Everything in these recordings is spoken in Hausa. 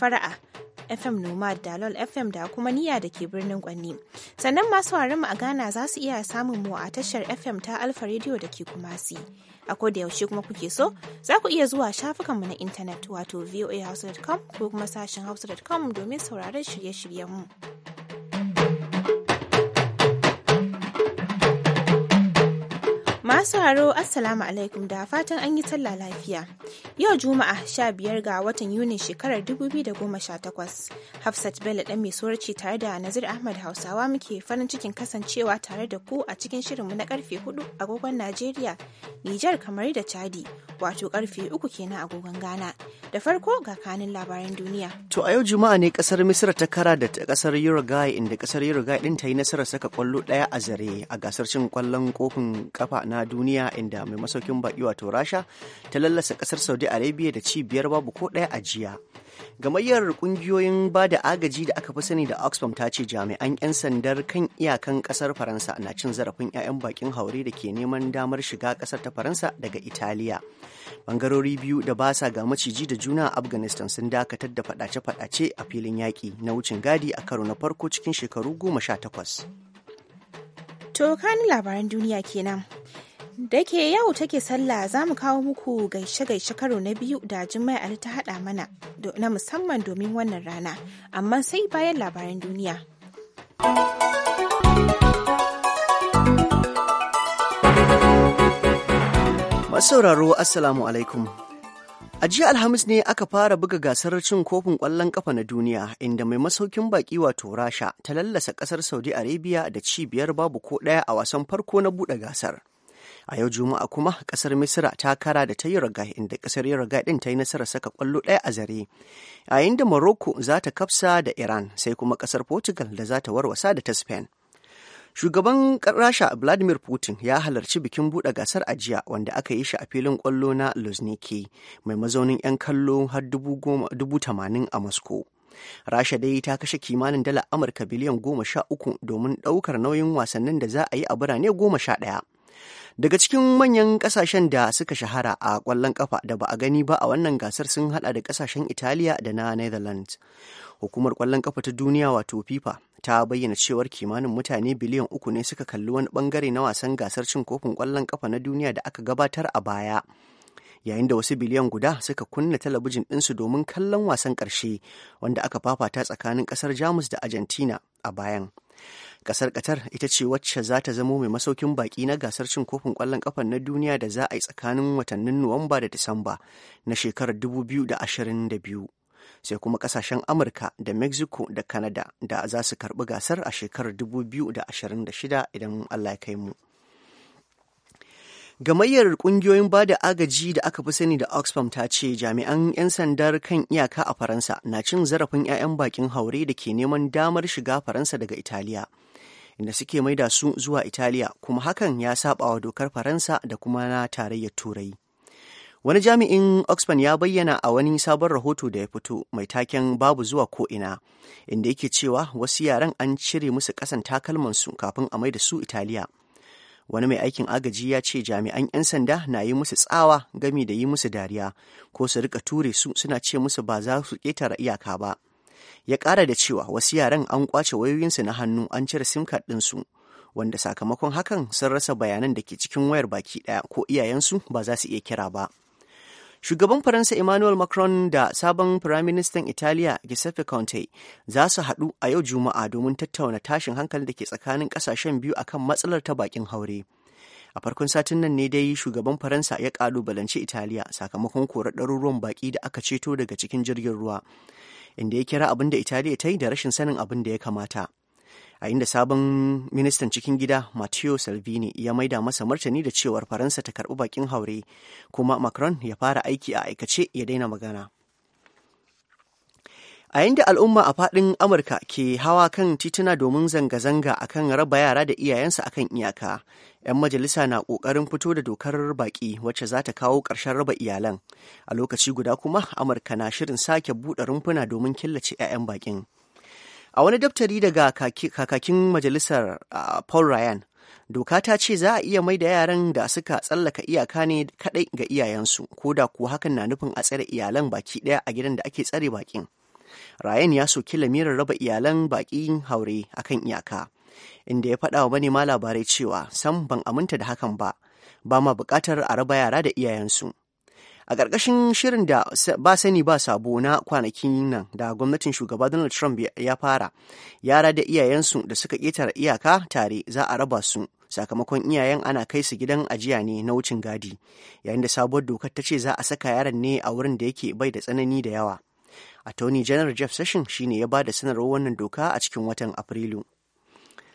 fara'a fm nomad dalol fm da kuma niya da ke birnin kwanni sannan masu mu a ghana za su iya samun mu a tashar fm ta alfa radio da ke kumasi a da yaushe kuma kuke so za ku iya zuwa shafukanmu na intanet wato voahouse.com ko kuma sashen house.com domin sauraron shirye-shiryen mu Masu haro Assalamu alaikum da fatan an yi talla lafiya. Yau Juma'a sha biyar ga watan yuni shekarar 2018. Hafsat Bello dan mai ce tare da Nazir Ahmad Hausawa muke farin cikin kasancewa tare da ku a cikin shirinmu na karfe 4 agogon Najeriya, Nijar kamar da Chadi, wato karfe 3 kenan agogon Ghana. Da farko ga kanin labaran duniya. To a yau Juma'a ne kasar Misira ta kara da kasar Uruguay inda kasar Uruguay din ta yi nasarar saka kwallo daya a zare a gasar cin kwallon kofin kafa na na duniya inda mai masaukin baki wato rasha ta lallasa kasar saudi arabia da cibiyar babu ko ɗaya a jiya gamayyar kungiyoyin ba da agaji da aka fi sani da oxfam ta ce jami'an 'yan sandar kan iyakan kasar faransa na cin zarafin 'ya'yan bakin haure da ke neman damar shiga kasar ta faransa daga italiya bangarori biyu da ba sa ga maciji da juna a afghanistan sun dakatar da fadace-fadace a filin yaƙi na wucin gadi a karo na farko cikin shekaru goma sha takwas to kanin labaran duniya kenan Da ke yau take sallah za mu kawo muku gaishe-gaishe karo na biyu da jimai Ali ta haɗa mana na musamman domin wannan rana, amma sai bayan labaran duniya. Masauraro Assalamu alaikum. A jiya Alhamis ne aka fara buga gasar cin kofin ƙwallon ƙafa na duniya inda mai masaukin baƙi wato Rasha ta lallasa ƙasar Saudi Arabia da cibiyar babu ko ɗaya a wasan farko na buɗe gasar. a yau juma'a kuma kasar misira ta kara da ta yi raga, inda kasar raga din ta yi nasara saka kwallo ɗaya a zare yayin da morocco za ta kafsa da iran sai kuma kasar portugal da za ta warwasa da ta spain shugaban rasha vladimir putin ya halarci bikin buɗe gasar ajiya wanda aka yi shi a filin kwallo na luzniki mai mazaunin 'yan kallo har dubu tamanin a moscow rasha dai ta kashe kimanin dala amurka biliyan goma sha uku domin ɗaukar nauyin wasannin da za a yi a birane goma sha ɗaya Daga cikin manyan kasashen da suka shahara a ƙwallon ƙafa da ba a gani ba a wannan gasar sun hada da kasashen Italiya da na Netherlands. Hukumar ƙwallon ƙafa ta duniya wato FIFA ta bayyana cewar kimanin mutane biliyan uku ne suka kalli wani bangare na wasan gasar cin kofin kwallon ƙafa na duniya da aka gabatar a baya. yayin da wasu biliyan guda suka kunna talabijin ɗinsu domin kallon wasan ƙarshe wanda aka fafata tsakanin ƙasar jamus da argentina a bayan Kasar Qatar ita ce wacce za ta zamo mai masaukin baki na gasar cin kofin kwallon kafa na duniya da za a yi tsakanin watannin Nuwamba da Disamba na shekarar 2022. Sai kuma kasashen Amurka da Mexico da Canada da za su karbi gasar a shekarar 2026 idan Allah ya kai mu. Gamayyar kungiyoyin ba da agaji da aka fi sani da Oxfam ta ce jami'an 'yan sandar kan iyaka a Faransa na cin zarafin 'ya'yan bakin haure da ke neman damar shiga Faransa daga Italiya. inda suke maida su zuwa Italiya kuma hakan ya saba wa dokar Faransa da kuma na tarayyar Turai. Wani jami'in Oxford ya bayyana a wani sabon rahoto da ya fito mai taken babu zuwa ko'ina, inda yake cewa wasu yaran an cire musu ƙasan takalmansu kafin a maida su Italiya. wani mai aikin agaji ya ce jami'an 'yan sanda na yi musu tsawa gami da yi musu dariya ko su rika ture su suna ce musu ba za su ƙetare iyaka ba ya ƙara da cewa wasu yaran an kwace wayoyinsu na hannu an cire sim card ɗinsu wanda sakamakon hakan sun rasa bayanan da ke cikin wayar baki ɗaya ko iyayensu ba za su iya kira ba shugaban faransa emmanuel macron da sabon firaministan italiya giuseppe conte za su haɗu a yau juma'a domin tattauna tashin hankali da ke tsakanin ƙasashen biyu akan matsalar ta bakin haure a farkon satin nan ne dai shugaban faransa ya ƙalubalanci italiya sakamakon korar ɗaruruwan baki da aka ceto daga cikin jirgin ruwa inda ya kira abin da Italiya ta yi da rashin sanin abin da ya kamata. A inda sabon ministan cikin gida Matteo Salvini ya maida masa martani da cewar Faransa ta karɓi bakin haure, kuma Macron ya fara aiki a aikace ya daina magana. a yayin al'umma a faɗin amurka ke hawa kan tituna domin zanga-zanga akan raba yara da iyayensu akan iyaka 'yan majalisa na ƙoƙarin fito da dokar baƙi wacce za ta kawo ƙarshen raba iyalan a lokaci guda kuma amurka na shirin sake buɗe rumfuna domin killace 'ya'yan baƙin a wani daftari daga kakakin majalisar paul ryan doka ta ce za a iya mai da yaran da suka tsallaka iyaka ne kaɗai ga iyayensu ko da kuwa hakan na nufin a tsare iyalan baki ɗaya a gidan da ake tsare baƙin Ryan ya soki lamirin raba iyalan baƙin haure akan iyaka inda ya faɗa wa manema labarai cewa sam ban aminta da hakan ba ba ma buƙatar a raba yara da iyayensu a ƙarƙashin shirin da ba sani ba sabo na kwanakin nan da gwamnatin shugaba donald trump ya fara yara da iyayensu da suka ƙetare iyaka tare za a raba su sakamakon iyayen ana kai su gidan ajiya ne na wucin gadi yayin da sabuwar dokar ta ce za a saka yaron ne a wurin da yake bai da tsanani da yawa A attorney general jeff sessions shine ya ba da sanarwar wannan doka a cikin watan afrilu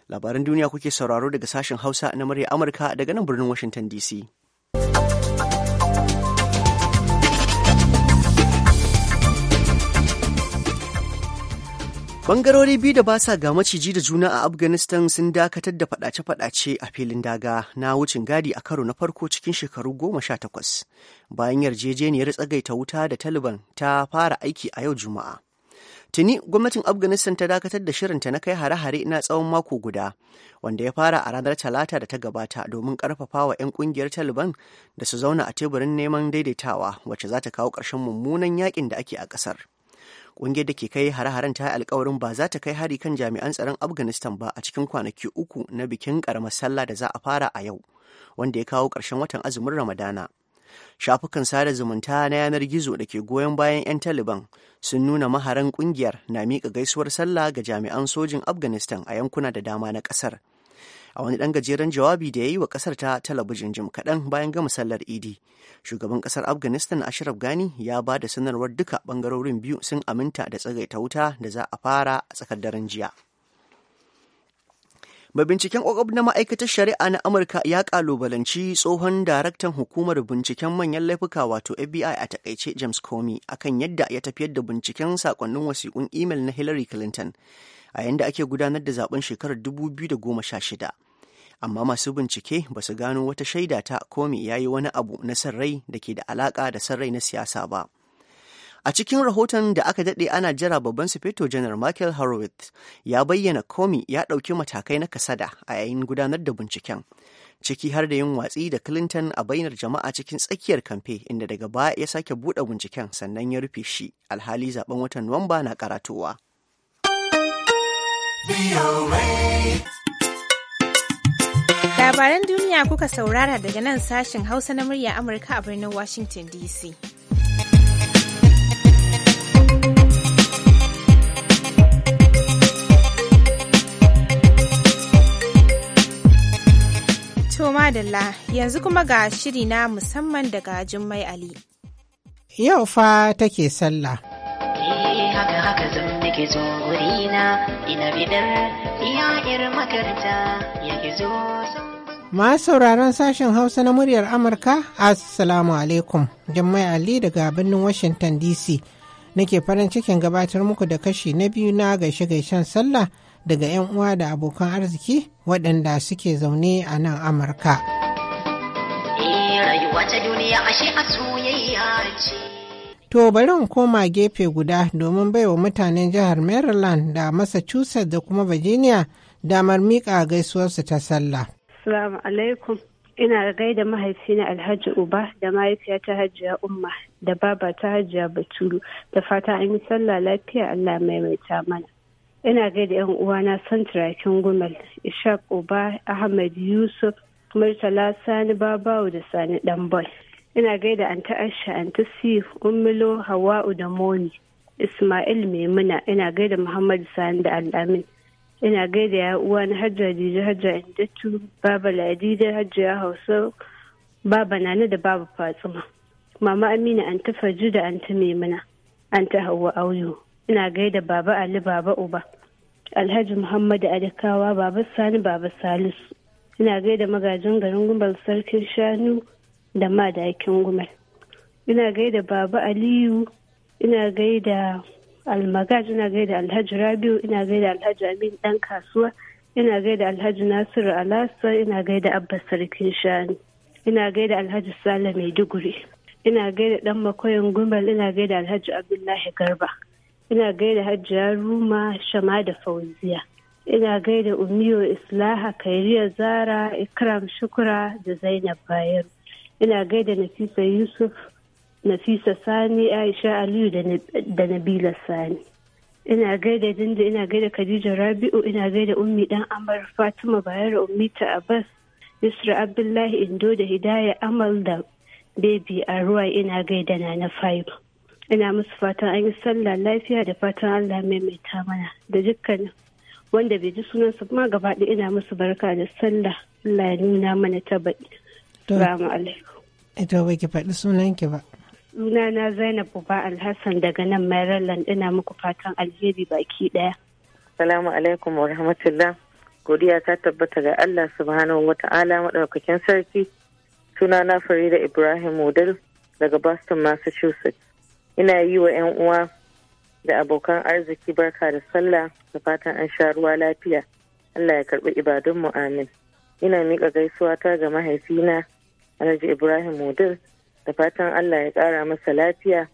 labaran duniya kuke sauraro daga sashen hausa na murya amurka daga nan birnin washington dc Bangarori biyu da ba sa ga maciji da juna a Afghanistan sun dakatar da fadace-fadace a filin daga na wucin gadi a karo na farko cikin shekaru goma sha takwas bayan yarjejeniyar tsagaita wuta da Taliban ta fara aiki a yau Juma'a. Tuni gwamnatin Afghanistan ta dakatar da shirinta na kai hare-hare na tsawon mako guda, wanda ya fara a ranar Talata da ta gabata domin karfafa wa 'yan ƙungiyar Taliban da su zauna a teburin neman daidaitawa wacce za ta kawo ƙarshen mummunan yakin da ake a ƙasar. Ƙungiyar da ke kai hare-haren ta yi alkawarin ba za ta kai hari kan jami'an tsaron Afghanistan ba a cikin kwanaki uku na bikin ƙaramar sallah da za a fara a yau, wanda ya kawo ƙarshen watan azumin Ramadana. shafukan sada zumunta na yanar gizo da ke goyon bayan 'yan taliban sun nuna maharan kungiyar na miƙa gaisuwar sallah ga jami'an sojin afghanistan a yankuna da dama na ƙasar a wani ɗan gajeren jawabi da ya yi wa ƙasar ta talabijin jim kaɗan bayan gama sallar idi shugaban ƙasar afghanistan ashraf gani ya ba da sanarwar duka ɓangarorin biyu sun aminta da tsagaita wuta da za a fara a tsakar daren jiya binciken ƙwaƙwab na ma'aikatar shari'a na Amurka ya ƙalubalanci tsohon daraktan hukumar binciken manyan laifuka wato FBI a takaice James Comey akan yadda ya tafiyar da binciken sakonnin wasiƙun imel na Hillary Clinton a yadda ake gudanar da zaben shekarar 2016. Amma masu bincike ba su gano wata shaida ta Comey ya yi wani abu na sarrai da ke da alaƙa da sarrai na siyasa ba. A cikin rahoton da aka daɗe ana jira babban sufeto janar Michael Horowitz ya bayyana komi ya ɗauki matakai na kasada a yayin gudanar da binciken. Ciki har da yin watsi da Clinton a bainar jama'a cikin tsakiyar kamfe inda daga baya ya sake buɗe binciken sannan ya rufe shi alhali zaben watan Nuwamba na karatowa. Labaran duniya kuka saurara daga nan sashen Hausa na murya Amurka a birnin Washington DC. To madalla yanzu kuma ga shiri na musamman daga Jummai Ali. Yau fa take sallah. Eh, Ma sauraron sashen Hausa na muryar Amurka, Assalamu alaikum, Jummai Ali daga birnin Washington DC. Nake farin cikin gabatar muku da kashi na biyu na gaishe-gaishen sallah daga 'yan uwa da abokan arziki waɗanda suke zaune a nan amurka eh, To bari in koma gefe guda domin baiwa mutanen jihar Maryland da Massachusetts da kuma Virginia damar miƙa gaisuwarsu ta sallah. Salamu alaikum. Ina gaida mahaifina Alhaji Uba da mahaifiyata Hajiya Umma da baba ta Hajiya Batulu da fata an yi sallah lafiya Allah maimaita mana. ina gaida yan uwana santrakin gumal ishaq uba ahmad yusuf murtala sani babawo da sani danboy ina gaida anta asha anta sif ummilo hawa'u da moni ismail maimuna ina gaida muhammad sani da al'amin ina gaida ya uwana hajja dija hajja indatu baba ladida hajja hausa baba nana da baba fatima. mama amina anta faju da anta maimuna anta hawa auyo ina gaida baba ali baba uba alhaji muhammadu adikawa baba sani baba salisu ina gaida magajin garin gumbal sarkin shanu da madakin gumal ina gaida baba aliyu ina gaida almagaj ina gaida alhaji rabiu ina gaida alhaji amin dan kasuwa ina gaida alhaji nasiru alasa ina gaida abba sarkin shanu ina gaida alhaji sale maiduguri ina gaida dan makoyin gumbal ina gaida alhaji abdullahi garba ina gaida hajjia ruma shama da fauziya ina gaida umiyo islaha kairiya zara ikram shukura da zainab bayero ina gaida nafisa yusuf nafisa sani aisha aliyu da nabila sani ina gaida dinda ina gaida khadija rabi'u ina gaida ummi dan amar fatima bayero ta abbas yusra abdullahi indo da hidaya amal da bebi a ruwa ina gaida na na ina musu fatan an yi sallah lafiya da fatan allah maimaita mana da dukkanin wanda bai ji sunansa kuma gaba da ina musu barka da sallah allah ya nuna mana ta baɗi salamu alaikum ita eh, bai ki faɗi sunan ki ba na zainab buba alhassan daga nan maryland ina muku fatan alheri baki ɗaya salamu alaikum wa rahmatullah godiya ta tabbata ga allah subhanahu wa ta'ala maɗaukakin sarki sunana farida ibrahim model daga boston massachusetts ina yi wa 'yan uwa da abokan arziki barka da sallah da fatan an sha ruwa lafiya allah ya karbi ibadunmu amin ina miƙa gaisuwa ta ga mahaifina alhaji ibrahim mudir da fatan allah ya ƙara masa lafiya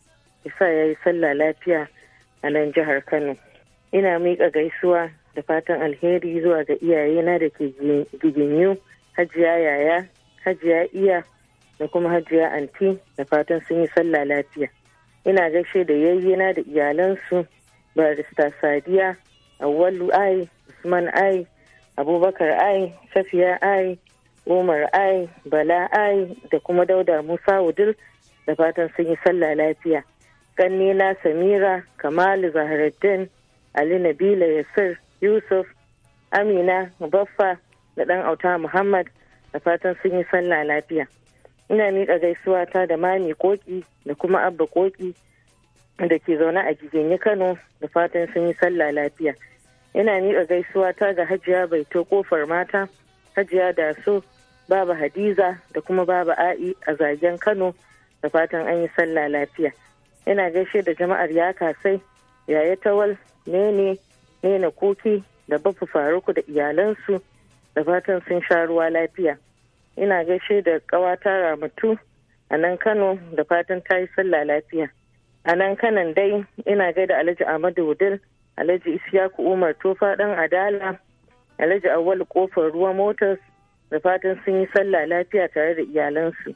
isa ya yi sallah lafiya a nan jihar kano ina miƙa gaisuwa da fatan alheri zuwa ga iyayena da ke giginyu hajiya yaya hajiya iya da kuma hajiya anti da fatan sun yi sallah lafiya ina gaishe da yayyena da iyalansu barista sadiya awwalu ai usman ai abubakar ai safiya ai umar ai bala ai da kuma dauda musa wudil da fatan sun yi sallah lafiya na samira kamalu zahiruddin ali nabila yasir yusuf amina baffa da dan auta muhammad da fatan sun yi sallah lafiya ina miƙa gaisuwa ta da mami koki da kuma abba koki da ke zaune a jigenye kano da fatan sun yi sallah lafiya ina miƙa gaisuwa ta ga hajiya baito kofar mata hajiya da su baba hadiza da kuma baba a'i a zagen kano da fatan an yi sallah lafiya ina gaishe da jama'ar ya kasai yaya tawal nene nene koki da bafu faruku da iyalansu da fatan sun sha ruwa lafiya ina gaishe da ƙawata ramatu a nan kano da fatan ta yi sallah lafiya a nan kanan dai ina gaida alhaji ahmadu wudil alhaji isyaku umar tofa dan adala alhaji awal kofar ruwa motors da fatan sun yi sallah lafiya tare da iyalansu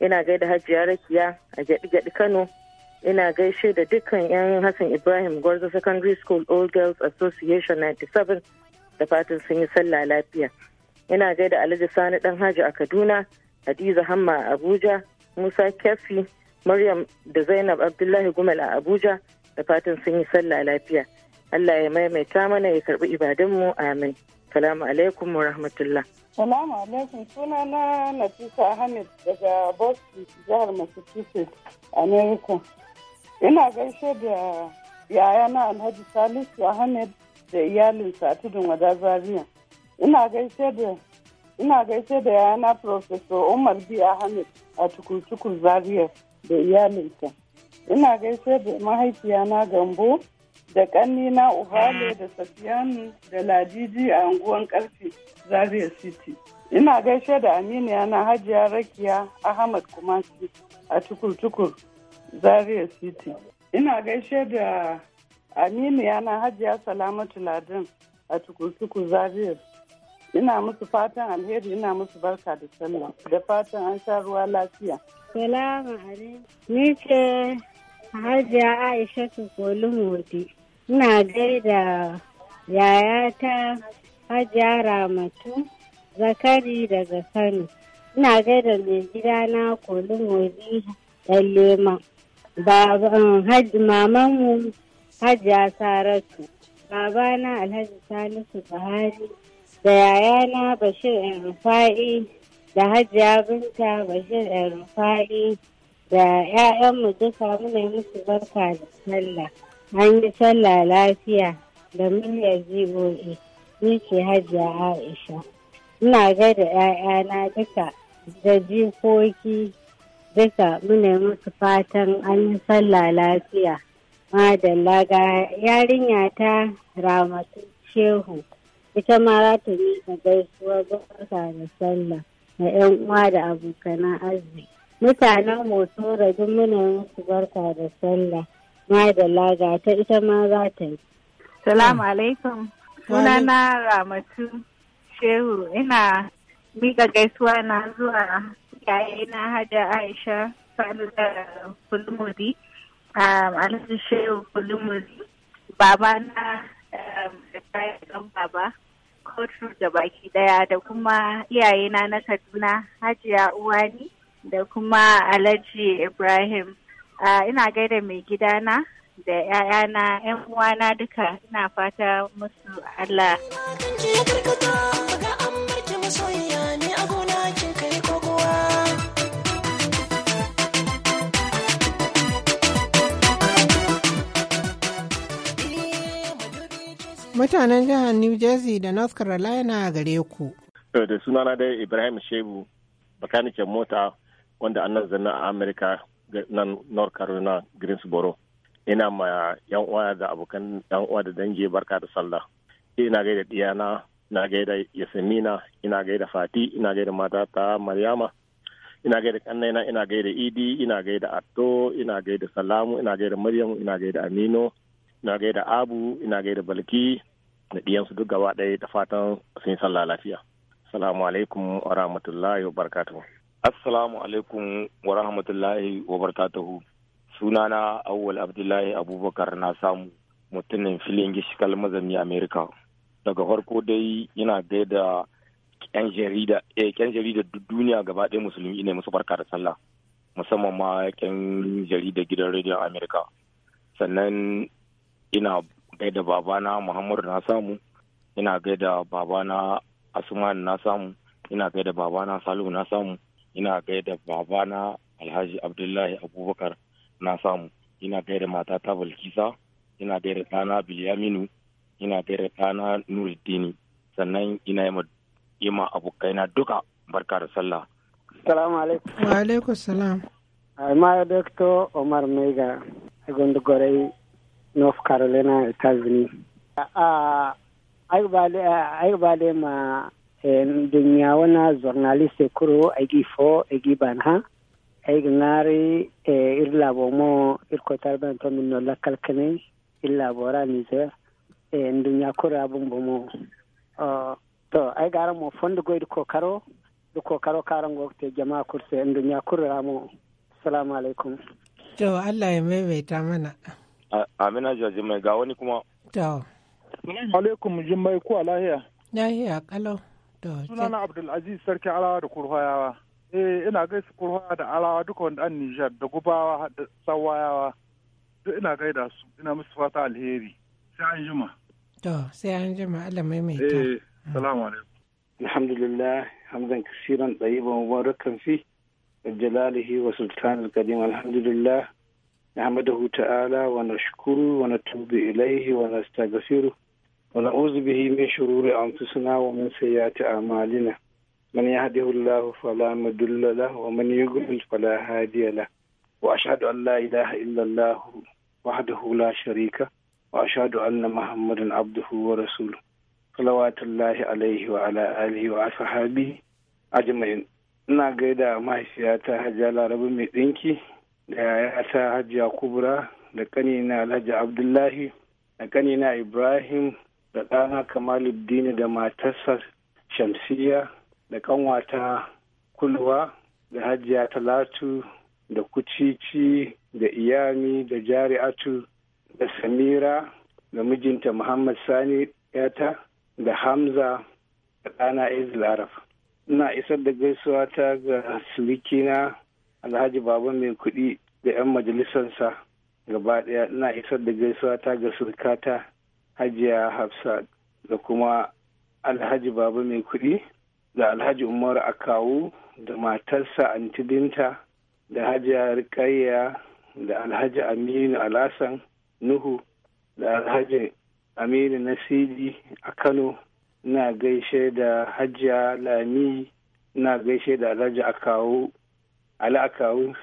ina gaida hajiya rakiya a gyaɗi gyaɗi kano ina gaishe da dukkan 'yan hassan ibrahim gwarzo secondary school old girls association 97 da fatan sun yi sallah lafiya Ina gaida Alhaji Sani Dan Haji a Kaduna, Hadiza Hamma a Abuja, Musa Kefi, Maryam da Zainab Abdullahi Gumal a Abuja da fatan sun yi sallah lafiya. Allah ya maimaita mana ya karbi mu amin. Salamu alaikum wa rahmatullah. Salamu alaikum suna na Nafisa Hamid daga Boston jihar Massachusetts, America. Ina gaishe da yayana Alhaji Salisu Ahmed da iyalinsa a tudun wadazariya. Zaria. ina gaishe da ina gaishe da yana professor Umar Bi Ahmed a tukurtukun Zaria da iyalinsa. Ina gaishe da mahaifiyana Gambo da ƙannena Uhale da Safiyanu da ladiji a unguwan karfe Zaria City. Ina gaishe da Aminu Hajiya Rakiya Ahmad Kumasi a tukur Zaria City. Ina gaishe da Aminu Hajiya Salamatu ladin a tukur-tukur Ina musu fatan alheri ina musu barka da sallah da fatan an sha ruwa lafiya. Salamu alaikum. Ni ce Hajiya Aisha mudi. Ina gaida yayata Hajiya Ramatu Zakari daga Kano. Ina gaida mai gida na gidana mudi ɗan Lema. Um, mamanmu Hajiya Saratu. Babana Alhaji Salisu Buhari da yayana Bashir El Rufa'i da Hajiya Binta Bashir El Rufa'i da 'ya'yanmu duka muna musu barka da sallah. An yi sallah lafiya da miliyar GOA. Ni ce Hajiya Aisha. Ina gaida 'ya'yana duka da jikoki duka muna musu fatan an yi sallah lafiya. Madalla ga yarinya ta Ramatu Shehu. ita ma za ta miƙa gaisuwa barka da sallah da 'yan uwa da abokanan arziki. Mutanen Motsora duk muna musu barka da sallah na da laga ta ita ma za ta yi. Salamu alaikum. Sunana Ramatu Shehu ina miƙa gaisuwa na zuwa na Hajja Aisha Sani da a um, Alhaji Shehu Kulumudi, baba na um, baba. kotu da baki daya da kuma iyayena na kaduna hajiya uwani da kuma alhaji ibrahim uh, ina gaida mai gidana da 'ya'yana 'yan uwana duka ina fata musu allah Mutanen jihar New Jersey da North Carolina gare ku. Da sunana da Ibrahim Shebu, bakanikin mota wanda an zanna a Amerika nan North Carolina Greensboro. Ina ma yan uwa da abokan yan uwa da dangi barka da sallah. Ina gaida diyana, ina gaida Yasemina, ina gaida Fati, ina gaida matata Maryama. ina gaida kannaina ina gaida idi ina gaida atto ina gaida salamu ina gaida maryam ina gaida amino ina gaida abu ina gaida balki da su duk gaba ɗaya da fatan sun sallah lafiya. Assalamu alaikum wa rahmatullahi wa barakatuhu. Assalamu alaikum wa rahmatullahi wa barakatuhu. Sunana Awwal Abdullahi Abubakar na samu mutumin filin gishikal mazami Amerika. Daga farko dai yana gaida 'yan jarida eh jarida duk duniya gaba ɗaya musulmi ne musu barka da sallah musamman ma yan jarida gidan rediyon amerika sannan ina gaida babana muhammadu na samu ina gaida babana asuman na samu ina gaida babana salu na samu ina gaida babana alhaji abdullahi abubakar na samu ina gaida matata balkisa ina gaida ɗana bilyaminu ina gaida ɗana nuruddini sannan ina yi ma abokaina duka barka da sallah salamu alaikum wa alaikum salam ma doctor omar mega a north carolina états-unis ah, ah, ayg baalema ah, eh, dunyaawana journaliste kuro eh, eh, aygi fo aygi banha ayg ngari ir labomo ir tarban to min no lakkal kene ir labora niger dunya kuro abun bomo to ayg aramo fondugo ir kokaro karo kokaro karangokte jama'a kurse en dunya kuro ramo assalamu aleykum to allah e maimaita mana Amina jaji mai ga wani kuma. To. Alaikum Jummai ku a lahiya. Lahiya kalau. To. Sunana Abdulaziz Sarki Alawa da Kurhoyawa. Eh ina gaisa Kurhoyawa da Alawa duka wanda an Nijar da Gubawa da Sawayawa. Duk ina gaida su ina musu fata alheri. Sai an jima. To sai an jima Allah ta. Eh salamu alaikum. Alhamdulillah hamdan kasiran ɗayiban mubarakan fi jalalihi wa sultanul kadim alhamdulillah نحمده تعالى ونشكره ونتوب إليه ونستغفره ونعوذ به من شرور أنفسنا ومن سيئات أعمالنا من يهده الله فلا مضل له ومن يضلل فلا هادي له وأشهد أن لا إله إلا الله وحده لا شريك وأشهد أن محمدا عبده ورسوله صلوات الله عليه وعلى آله وصحبه أجمعين ina gaida mahaifiyata hajjala rabu mai da yayata hajiya kubra da kanina alhaji abdullahi da kanina ibrahim da ɗana kamaluddini da matarsa shamsiya da kanwata kulwa da hajiya talatu da kucici da iyami da jari'atu da samira da mijinta muhammad sani yata da hamza da ɗana izlaraf ina isar da gaisuwa ta ga silikina alhaji baba mai kuɗi da 'yan majalisarsa gaba ɗaya na isar da gaisuwa ta ga surkata hajiya hafsa da kuma alhaji baba mai kuɗi da alhaji umar akawu da matarsa antidinta da hajiya rikayya da alhaji aminu alasan nuhu da alhaji aminu nasiri a kano na gaishe da hajiya lami na gaishe da alhaji akawu Ali akawu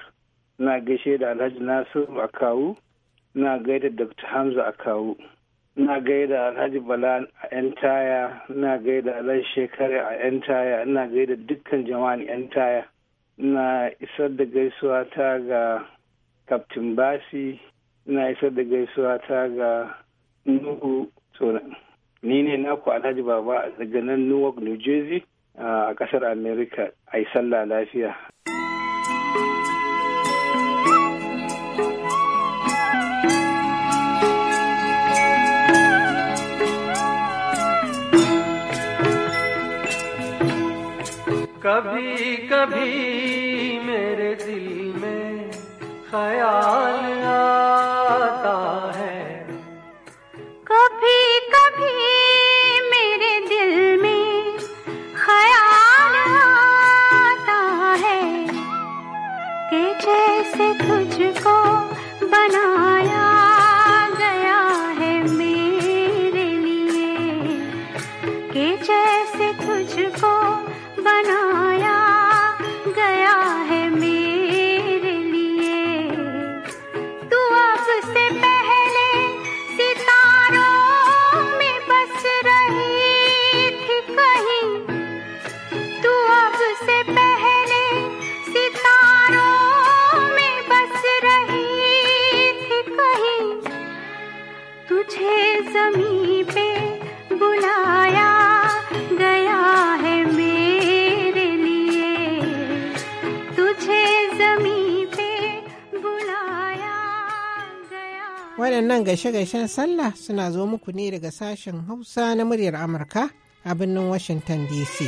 na gaishe da alhaji nasiru akawu ina gaida dr hamza akawu ina gaida alhaji bala a yan taya ina gaida alhaji shekara a yan taya ina gaida dukkan jama'an yan taya ina isar da gaisuwa ta ga kaftin basi ina isar da gaisuwa ta ga nuhu tsoron ni ne naku alhaji baba daga nan newark new jersey a kasar america a yi sallah lafiya कभी कभी मेरे दिल में ख्याल आता है waɗannan gashe-gashen sallah suna zo muku ne daga sashen hausa na muryar amurka a birnin washington dc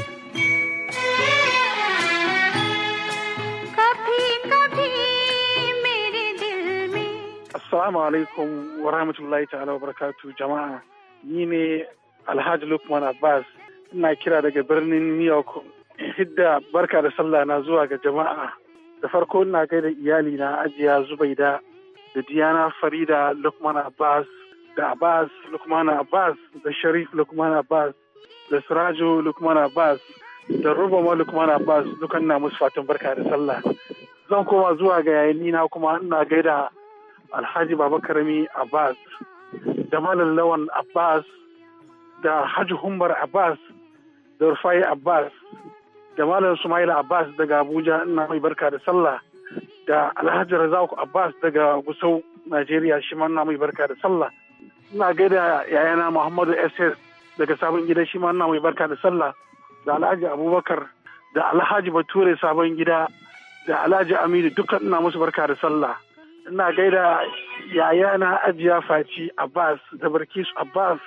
Assalamu alaikum wa rahmatullahi ta'ala wa barakatu jama'a ni ne Alhaji Lukman Abbas ina kira daga birnin New York hidda barka da sallah na zuwa ga jama'a da farko ina kai da iyali ajiya zubaida da Diana Farida Lukman Abbas da Abbas Lukman Abbas da Sharif Lukman Abbas da Siraju, Lukman Abbas da Rubama Lukman Abbas dukan na musu fatan barka da sallah. Zan koma zuwa ga yayin na kuma ina gaida Alhaji Babakarami Abbas da Malam Lawan Abbas da Haji Humbar Abbas da Rufai Abbas da Malam Sumaila Abbas daga Abuja ina mai barka da sallah. da Alhaji Razaku Abbas daga Gusau, Najeriya shi ma na mai barka da sallah. Ina gaida yayana Muhammadu SS daga sabon gida shi ma na mai barka da sallah. Da Alhaji Abubakar da Alhaji Bature sabon gida da Alhaji Aminu dukkan ina musu barka da sallah. Ina gaida yayana Ajiya Faci Abbas da Barkisu Abbas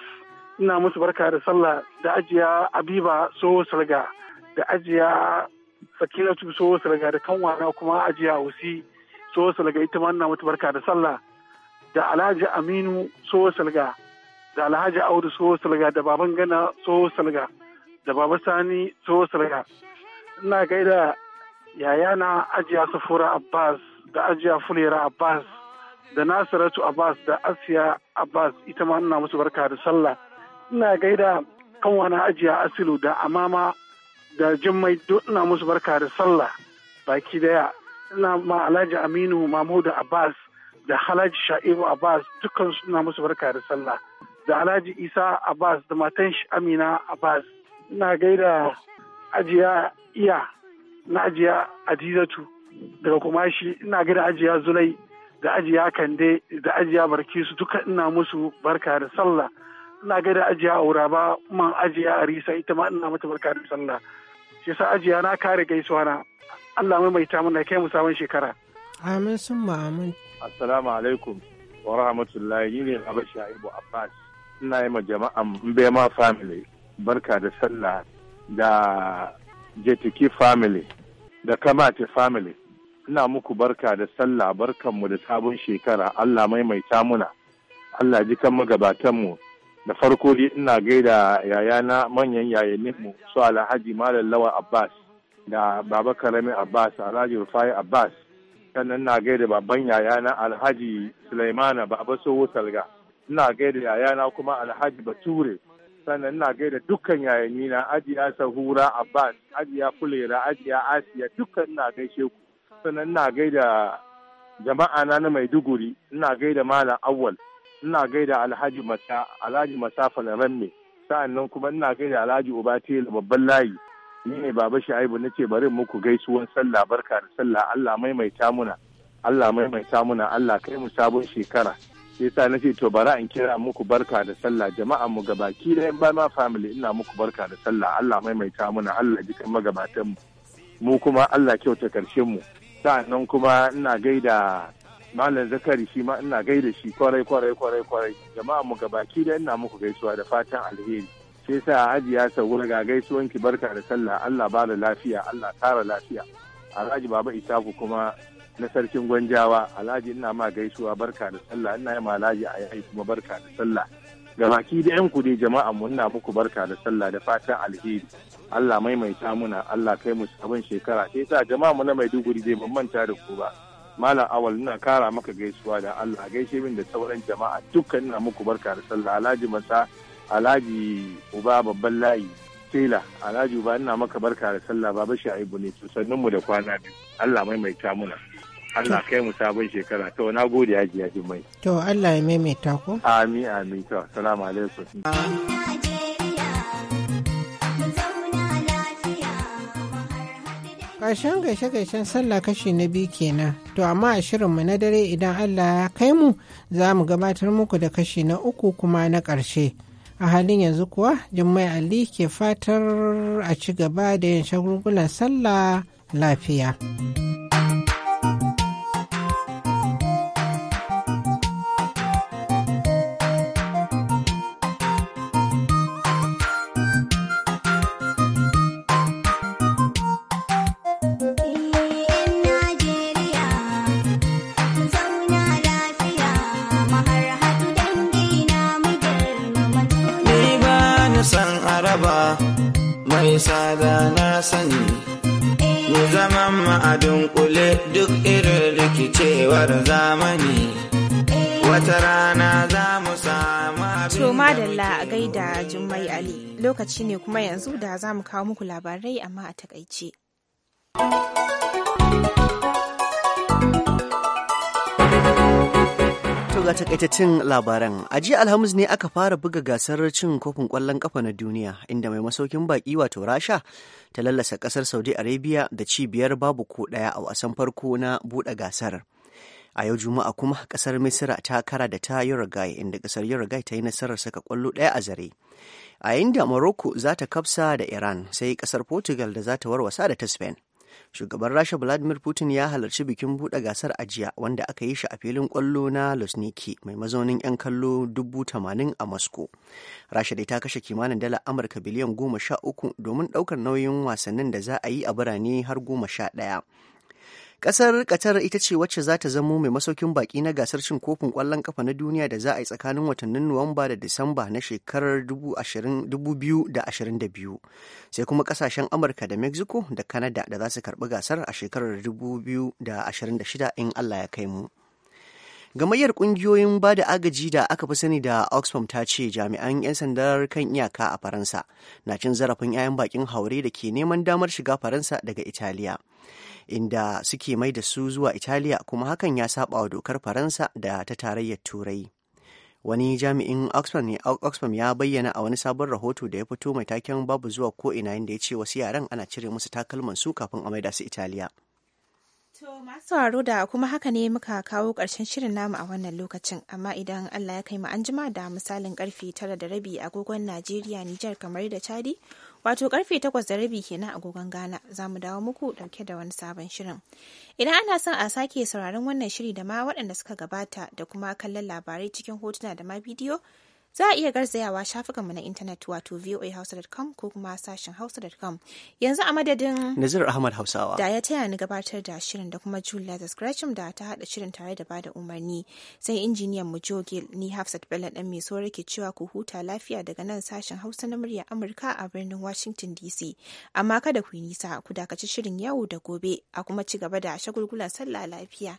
ina musu barka da sallah da Ajiya Abiba So Salga da Ajiya tu so daga da kanwana kuma ajiya wasi so daga ita ma ina mata barka da sallah da alhaji aminu so daga da alhaji audu so daga da baban gana so daga da baba sani so daga ina gaida yayana ajiya safura abbas da ajiya fulera abbas da nasiratu abbas da asiya abbas ita ma ina musu barka da sallah ina gaida kanwana ajiya asilu da amama da jin duk ina musu barka da sallah baki daya ina ma alhaji aminu mahmudu abbas da halaji sha'ibu abbas dukkan suna musu barka da sallah da alhaji isa abbas da matan shi amina abbas ina gaida ajiya iya na ajiya adizatu daga kuma shi ina gaida ajiya zulai da ajiya kande da ajiya barkisu duka ina musu barka da sallah ina gaida ajiya auraba man ajiya arisa ita ma ina mata barka da sallah shi sa ajiya na kare gaisuwa na Allah maimaita mana kai mu sabon shekara amin sun amin assalamu alaikum wa rahmatullahi ni ne abashi aibu abbas ina yi ma jama'an mbema family barka da sallah da jetiki family da kamata family ina muku barka da sallah barkanmu da sabon shekara Allah maimaita muna Allah ji kan magabatanmu da farko dai ina gaida yayana manyan mu su alhaji malam lawa abbas da baba karami abbas alhaji rufai abbas sannan na gaida babban yayana alhaji sulaimana baba sowo salga ina gaida yayana kuma alhaji bature sannan ina gaida dukkan yayanina ajiya sahura abbas ajiya fulera ajiya asiya dukkan ina gaishe ku sannan ina gaida jama'a na na maiduguri ina gaida malam awwal ina gaida alhaji mata alhaji masafa na ramme sa'annan kuma ina gaida alhaji uba tela babban layi ni ne baba sha'ibu na ce bari muku gaisuwan sallah barka da sallah allah maimaita muna allah maimaita muna allah kai mu sabon shekara sa na ce to bari an kira muku barka da sallah jama'an mu gabaki da yan bama family ina muku barka da sallah allah maimaita muna allah jikan magabatan mu mu kuma allah kyauta karshen mu sa'annan kuma ina gaida Malam Zakari shi ma ina gaida shi kwarai kwarai kwarai kwarai. Jama'a mu gabaki da ina muku gaisuwa da fatan alheri. Sai sa Hajiya Sauwa ga gaisuwan ki barka da sallah Allah ba da lafiya Allah kara lafiya. Alhaji Baba Isaku kuma na sarkin Gwanjawa Alhaji ina ma gaisuwa barka da sallah ina yi ma Alhaji a kuma barka da sallah. Gabaki da yan ku dai jama'a mu ina muku barka da sallah da fatan alheri. Allah maimaita muna Allah kai mu sabon shekara sai sa jama'a mu na Maiduguri dai ban manta da ku ba. Malam Awal na kara maka gaisuwa da Allah gaishe min da sauran jama'a dukkan ina muku barka da sallah Alhaji Masa Alhaji Uba babban layi Tela Alhaji Uba ina maka barka da sallah Baba Sha'ibu ne to sannun mu da kwana biyu Allah maimaita muna Allah kai mu sabon shekara to na gode haji ya mai to Allah ya maimaita ku amin amin to assalamu alaikum Ƙarshen gaishe-gaishen sallah kashi na biyu kenan. To amma a shirinmu na dare idan Allah ya kai mu za mu gabatar muku da kashi na uku kuma na ƙarshe. A halin yanzu kuwa Jummai Ali ke fatar a ci gaba da yin shagulgulan sallah lafiya. rayuwar zamani wata rana za mu samu abin to madalla a gaida jummai ali lokaci ne kuma yanzu da za mu kawo muku labarai amma a takaice ga takaitaccen labaran a jiya alhamis ne aka fara buga gasar cin kofin kwallon kafa na duniya inda mai masaukin baki wato rasha ta lallasa kasar saudi arabia da cibiyar babu ko daya a wasan farko na buɗe gasar a yau juma'a kuma kasar misira ta kara da ta uruguay inda kasar uruguay ta yi nasarar saka kwallo ɗaya a zare a yayin da morocco za ta kafsa da iran sai kasar portugal da za ta warwasa da ta spain shugaban rasha vladimir putin ya halarci bikin buɗe gasar ajiya wanda aka yi shi a filin kwallo na losniki mai mazaunin 'yan kallo dubu tamanin a moscow rasha dai ta kashe kimanin dala amurka biliyan goma sha uku domin ɗaukar nauyin wasannin da za a yi a birane har goma sha ɗaya Ƙasar Qatar ita ce wacce za ta zamo mai masaukin baƙi na gasar cin kofin ƙwallon ƙafa na duniya da za a yi tsakanin watannin Nuwamba da Disamba na shekarar 2022. Sai kuma ƙasashen Amurka da Mexico da Canada da za su karɓi gasar a shekarar 2026 in Allah ya kai mu. gamayyar kungiyoyin ba da agaji da aka fi sani da oxfam ta ce jami'an 'yan sandar kan iyaka a faransa na cin zarafin 'ya'yan bakin haure da ke neman damar shiga faransa daga italiya inda suke mai da su zuwa italiya kuma hakan ya saba wa dokar faransa da ta tarayyar turai wani jami'in oxfam, oxfam ya bayyana a wani sabon rahoto da ya fito mai taken babu zuwa ko ina inda ya ce wasu yaran ana cire musu takalman su kafin a maida su italiya masu sauraro da kuma haka ne muka kawo ƙarshen shirin namu a wannan lokacin amma idan Allah ya kai mu anjima da misalin karfe tara da rabi agogon Najeriya Nijar kamar da Chadi wato karfe takwas da rabi kenan agogon Ghana za mu dawo muku dauke da wani sabon shirin. Idan ana son a sake sauraron wannan shiri da ma waɗanda suka gabata da kuma kallon labarai cikin hotuna da ma bidiyo za a iya garzayawa shafukanmu na intanet wato voahausa.com ko kuma sashen hausa.com yanzu a madadin nazir ahmad hausawa da ya taya ni gabatar da shirin da kuma julia da scratchum da ta hada shirin tare da bada umarni sai injiniyan mu joge ni hafsat bello dan mai so ke cewa ku huta lafiya daga nan sashen hausa na murya amurka a birnin washington dc amma kada ku yi nisa ku dakaci shirin yau da gobe a kuma ci gaba da shagulgulan sallah lafiya